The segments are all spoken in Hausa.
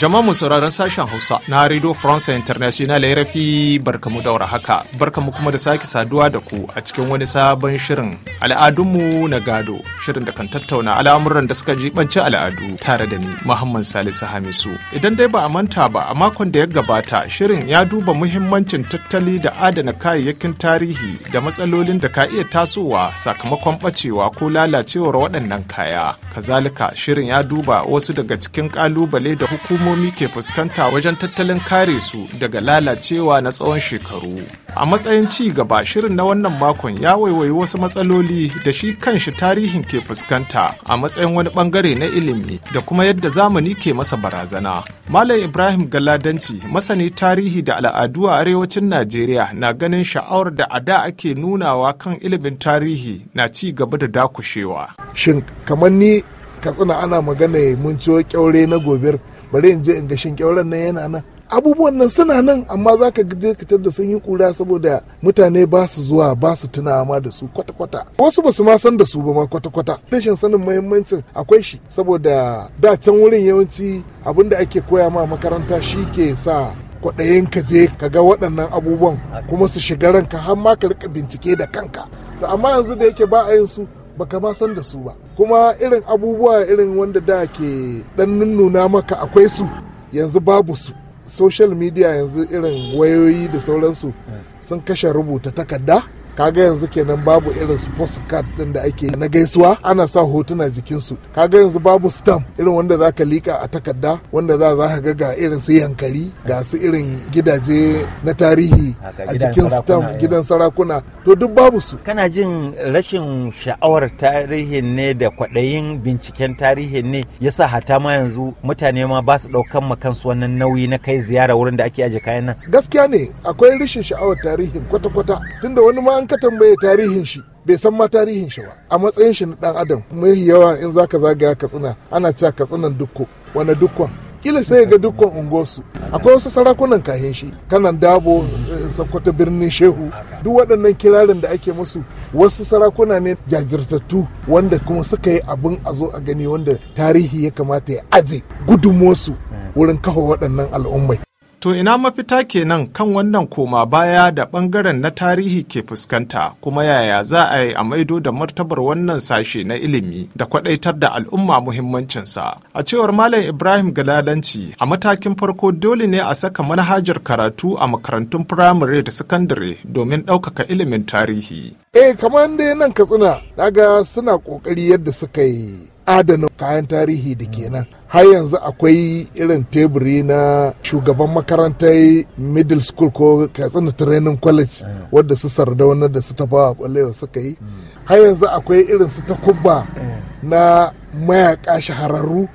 Jama'a sauraron sashen Hausa na Radio France International ya rafi barkamu daura haka. Barkamu kuma da sake saduwa da ku a cikin wani sabon shirin al'adunmu na gado. Shirin da kan tattauna al'amuran da suka jibanci al'adu tare da ni Muhammad Salisu Hamisu. Idan dai ba a manta ba a makon da ya gabata shirin ya duba muhimmancin tattali da adana kayayyakin tarihi da matsalolin da ka iya tasowa sakamakon bacewa ko lalacewar waɗannan kaya. Kazalika shirin ya duba wasu daga cikin ƙalubale da hukumomi al'ummomi ke fuskanta wajen tattalin kare su daga lalacewa na tsawon shekaru. A matsayin ci gaba shirin na wannan makon ya waiwayi wasu matsaloli da shi kanshi tarihin ke fuskanta a matsayin wani bangare na ilimi da kuma yadda zamani ke masa barazana. Malam Ibrahim Galadanci masani tarihi da al'adu a arewacin Najeriya na ganin sha'awar da a da ake nunawa kan ilimin tarihi na ci gaba da dakushewa. Shin kamar ni katsina ana magana mun ciwo kyaure na gobir bari in je in ga shin kyauran nan yana nan abubuwan nan suna nan amma za ka je ka da sun yi kura saboda mutane ba su zuwa ba su tunawa ma da su kwata-kwata wasu ba su ma san da su ba ma kwata-kwata rashin sanin muhimmancin akwai shi saboda da can wurin yawanci abin da ake koya ma makaranta shi ke sa kwaɗayin ka je ka ga waɗannan abubuwan kuma su shiga ranka har ma ka rika bincike da kanka amma yanzu da yake ba a yin su baka ma san da su ba kuma irin abubuwa irin wanda da ke dan nunnuna maka akwai su yanzu babu su social media yanzu irin wayoyi da sauransu eh. sun kashe rubuta takarda kaga yanzu kenan babu irin su postcard din da ake na gaisuwa ana sa hotuna jikinsu kaga yanzu babu stamp irin wanda za ka lika a takarda wanda za za ga ga irin su yankari ga su irin gidaje na tarihi a jikin stamp eh. gidan sarakuna to duk babu su kana jin rashin sha'awar tarihin ne da kwaɗayin binciken tarihi ne yasa hata ma yanzu mutane ma ba su ɗaukan ma kansu wannan nauyi na kai ziyara wurin da ake aje kayan nan gaskiya ne akwai rashin sha'awar tarihin kwata-kwata tunda wani ma ka tambaye tarihin shi bai san ma tarihin shi ba a matsayin shi na dan adam mai yawa in zaka zagaya katsina ana cewa katsinan dukko wani dukkon kila sai ga dukkan unguwarsu akwai wasu sarakunan kahin shi kanan dabo eh, Sakkwata birnin shehu duk waɗannan kirarin da ake musu wasu sarakuna ne jajirtattu wanda kuma suka yi abin a zo a gani wanda tarihi ya kamata ya aje gudunmuwarsu wurin kafa waɗannan al'ummai To ina mafita kenan kan wannan koma baya da ɓangaren na tarihi ke fuskanta kuma yaya za a yi a maido da martabar wannan sashe na ilimi da kwadaitar da al'umma muhimmancinsa. A cewar Malam Ibrahim Galadanci, a matakin farko dole ne a saka manhajar karatu a makarantun firamare da sakandare domin ɗaukaka ilimin tarihi. Eh kamar dai nan Katsina, daga suna ƙoƙari yadda suka yi adana kayan tarihi da kenan har yanzu akwai irin teburi na shugaban makarantar middle school ko katsina training college mm. wadda su wani da su a balewa suka yi har yanzu akwai irin su ta kubba mm. na mayaka shahararru mm.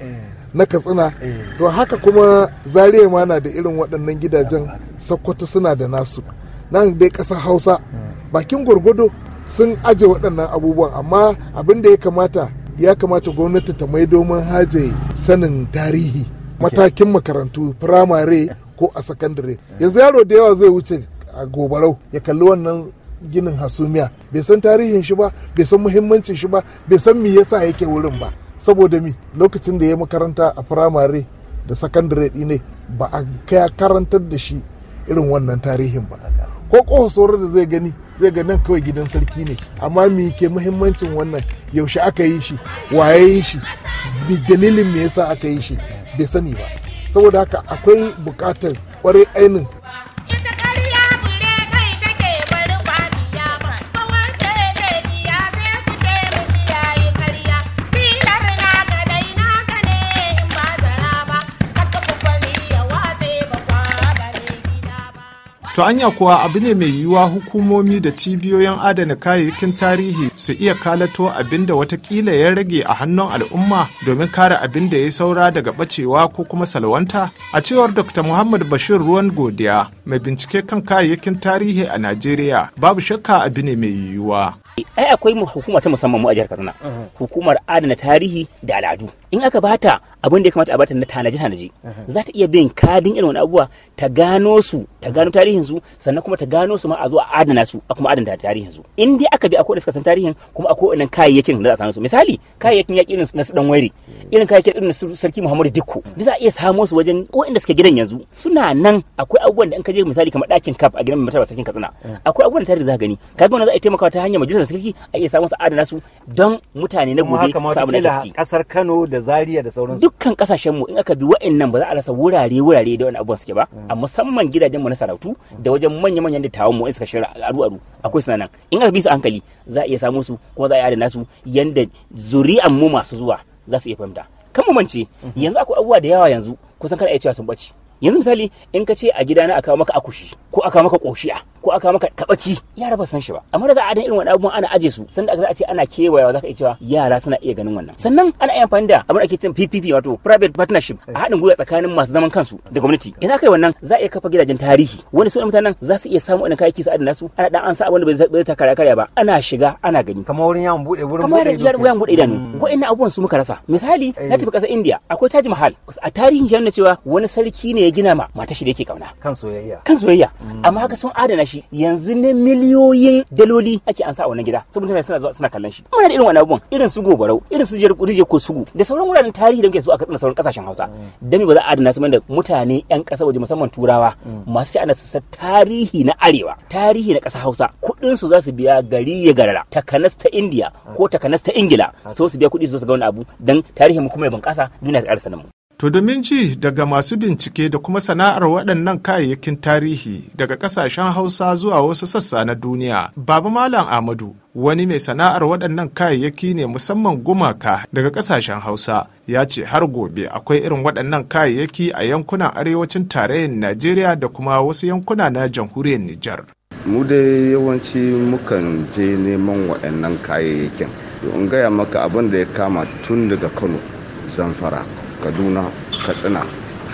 na katsina to haka kuma zariya ma na da irin waɗannan gidajen sakkwato suna da nasu nan dai ƙasar hausa bakin gwargwado sun aje waɗannan abubuwan amma abin da ya kamata ya kamata gwamnati ta mai domin haje sanin tarihi matakin makarantu firamare ko a sakandare yanzu yaro da yawa zai wuce a gobarau ya kalli wannan ginin hasumiya bai san tarihin shi ba bai san muhimmancin shi ba bai san me yasa yake wurin ba saboda mi lokacin da ya makaranta a firamare da sakandare ne ba a kaya karantar da shi irin wannan tarihin ba ko kohosoro da zai gani zai ga nan kawai gidan sarki ne amma me ke muhimmancin wannan yaushe aka yi shi waye yi shi dalilin me yasa aka yi shi bai sani ba saboda haka akwai bukatar kwarai ainin To anya kuwa abu ne mai yiwuwa hukumomi da cibiyoyin adana kayayyakin tarihi su iya kalato abin da watakila ya rage a hannun al'umma domin kare abin da ya saura daga bacewa ko kuma salwanta? A cewar Dr. Muhammad Bashir Ruwan Godiya, mai bincike kan kayayyakin tarihi a Najeriya, babu shakka abu ne mai yiwuwa. ai akwai hukuma ta musamman mu a jihar Katsina hukumar adana tarihi da al'adu in aka bata abin da ya kamata a bata na tanaji tanaji za ta iya bin kadin irin wani abubuwa ta gano su ta gano tarihin su sannan kuma ta gano su ma a zo a adana su a kuma adana tarihin su in dai aka bi akwai da suka san tarihin kuma akwai wannan kayayyakin da za a samu su misali kayayyakin yaƙi irin na su dan wairi irin kayayyakin irin su sarki Muhammadu Dikko da za a iya samo su wajen waɗanda suke gidan yanzu suna nan akwai abubuwan da in ka je misali kamar ɗakin kaf a gidan mai mataba sarkin Katsina akwai abubuwan da tarihi za ka gani kaga wannan za a taimaka ta hanyar majalisar da suke a iya samu su adana su don mutane na gobe samun na kasar Kano da Zaria da sauransu dukkan kasashenmu in aka bi wa'annan ba za a rasa wurare wurare da wani abubuwan suke ba mm. a musamman gidajen mu na sarautu da wajen manya manyan dattawan mu in suka shirya aru aru akwai su nan in aka bi su hankali za a iya samu su ko za a iya adana su yanda zuri'an mu masu zuwa za su iya fahimta kan mu mance mm-hmm. yanzu akwai abubuwa da yawa yanzu kusan kada a iya cewa sun bace yanzu misali in ka ce a gida na aka maka akushi ko aka maka koshiya ko aka maka kabaci yara ba san shi ba amma da za a adana irin wannan ana aje su sanda aka a ce ana kewaya za ka iya cewa yara suna iya ganin wannan sannan ana iya amfani da abin ake cin PPP wato private partnership a haɗin gwiwa tsakanin masu zaman kansu da gwamnati idan aka yi wannan za a iya kafa gidajen tarihi wani su mutanen za su iya samu irin kayayyaki su adana su ana dan an sa abin da bai zai karya karya ba ana shiga ana gani kamar wurin yawon bude wurin bude idanu yawon bude idanu ko ina abubuwan su muka rasa misali na eh. tafi kasar India akwai Taj Mahal a tarihin shi cewa wani sarki ne ya gina ma mata shi da yake kauna kan soyayya kan soyayya mm. amma haka sun adana shi yanzu ne miliyoyin daloli ake ansa a wannan gida saboda mai suna zuwa suna kallon shi muna da irin wannan abubuwan irin su gobarau irin su rije ko sugu da sauran wuraren tarihi da muke so a kasar sauran kasashen Hausa mm. dan ba za a adana su da mutane yan kasa waje musamman turawa mm. masu sha'ana su tarihi na arewa tarihi na kasa Hausa kuɗin su za su biya gari ya garara takanas ta India ko takanas ta Ingila so su biya kudi su ga wani abu dan tarihin mu kuma ya bunƙasa duniya ta ƙarsa mu To domin ji daga masu bincike da kuma sana'ar waɗannan kayayyakin tarihi daga ƙasashen Hausa zuwa wasu sassa na duniya, Baba Malam Amadu wani mai sana'ar waɗannan kayayyaki ne musamman gumaka daga ƙasashen Hausa ya ce har gobe akwai irin waɗannan kayayyaki a yankunan arewacin tarayyar Najeriya da kuma wasu yankuna na jamhuriyar Nijar. Mu dai yawanci mukan je neman waɗannan kayayyakin. In gaya maka abin da ya kama tun daga Kano, Zamfara, kaduna katsina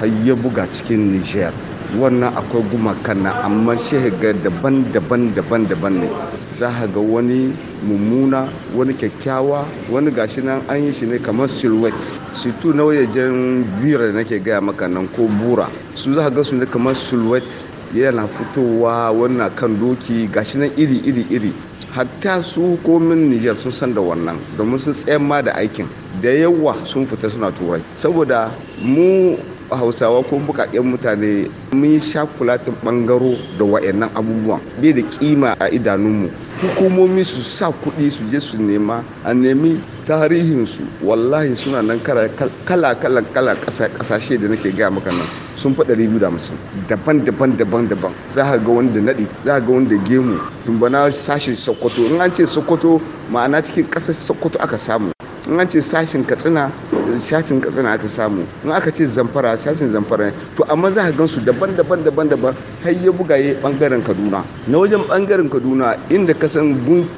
har ya buga cikin niger wannan akwai gumakan amma ga daban-daban daban-daban ne za ga wani mummuna wani kyakkyawa wani gashi nan an yi shi ne kamar silhouette situ na wajen bira da nake gaya maka nan ko bura su za ga su ne kamar silhouette yana fitowa wannan kan doki gashi nan iri iri iri hatta su komin niger sun san da wannan domin sun tsayan ma da aikin da yawa sun fita suna turai saboda mu hausawa ko bukaken mutane mun sha shakulatin bangaro da wayannan abubuwan bai da kima a idanunmu hukumomi su sa kuɗi su je su nema a nemi tarihinsu wallahi suna nan kala kala kala kasashe da nake gaya maka nan sun faɗa ribu da musu daban daban daban daban za ka ga wanda naɗi za ka ga wanda gemu tumbana sashi sokoto in an ce sokoto ma'ana cikin ƙasar sokoto aka samu in an ce sashin katsina sashin katsina aka samu in aka ce zamfara sashin zamfara to amma za ka gansu daban daban daban daban har ya bugaye bangaren kaduna na wajen bangaren kaduna inda ka san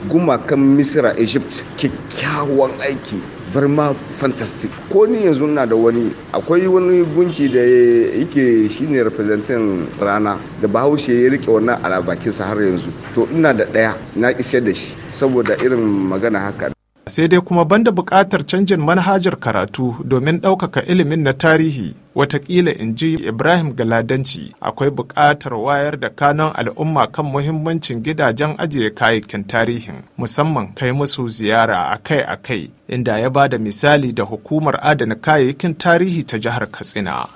gumakan misira egypt kyakkyawan aiki verma fantastic ko ni yanzu na da wani akwai wani gunki da yake shine representing rana da bahaushe ya rike wannan alabakinsa har yanzu to ina da ɗaya na isar da shi saboda irin magana haka sai dai kuma banda buƙatar canjin manhajar karatu domin ɗaukaka ilimin na tarihi watakila in ji ibrahim galadanci akwai buƙatar wayar da kanon al'umma kan muhimmancin gidajen ajiye kayayyakin tarihin musamman kai musu ziyara akai-akai inda ya ba da misali da hukumar adana kayayyakin tarihi ta jihar katsina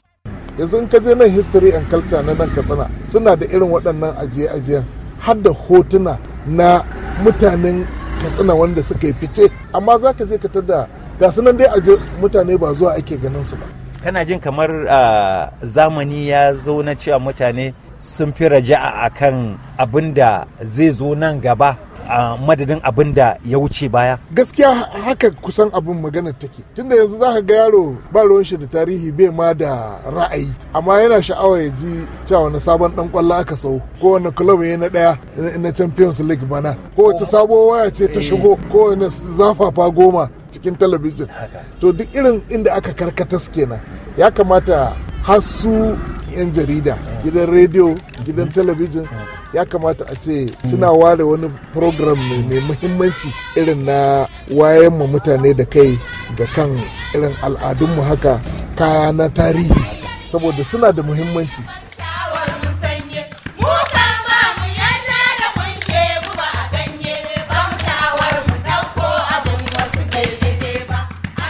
yanzu in ka je nan history and culture na nan katsina suna da irin waɗannan ajiye-ajiyen har da hotuna na mutanen katsina wanda suka yi fice amma za ka je ka tada ga sunan dai aje mutane ba zuwa ake ganin su ba kana jin kamar ah, zamani ya zo na cewa mutane sun fi raja'a akan abin da zai zo nan gaba a madadin abin da ya wuce baya gaskiya haka kusan abin magana take tunda yanzu za ka ga yaro ba ruwan shi da tarihi bai ma da ra'ayi amma yana sha'awa ya ji cewa wani sabon dan kwallo aka sau ko wani club ya na daya na champions league bana ko wace oh. sabuwar waya ce ta eh. shigo ko wani zafafa goma cikin talabijin to duk irin inda aka karkatas kenan ya kamata hasu 'yan jarida gidan rediyo gidan talabijin ah. ya kamata a ce suna ware wani program mai muhimmanci irin na wayan mu mutane da kai ga kan irin al'adunmu haka kaya na tarihi saboda suna da muhimmanci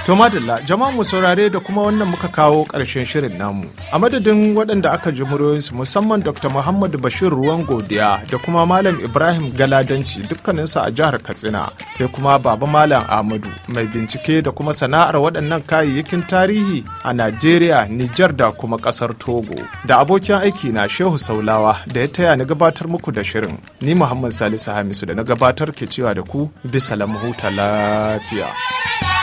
To madalla jama'a mu saurare da kuma wannan muka kawo ƙarshen shirin namu. A madadin waɗanda aka ji muryoyinsu musamman Dr. Muhammad Bashir Ruwan Godiya da kuma Malam Ibrahim Galadanci dukkaninsu a jihar Katsina sai kuma Baba Malam Ahmadu mai bincike da kuma sana'ar waɗannan kayayyakin tarihi a Najeriya, Nijar da kuma ƙasar Togo. Da abokin aiki na Shehu Saulawa da ya taya na gabatar muku da shirin. Ni Muhammad Salisu Hamisu da na gabatar ke cewa da ku bisa lamu huta lafiya.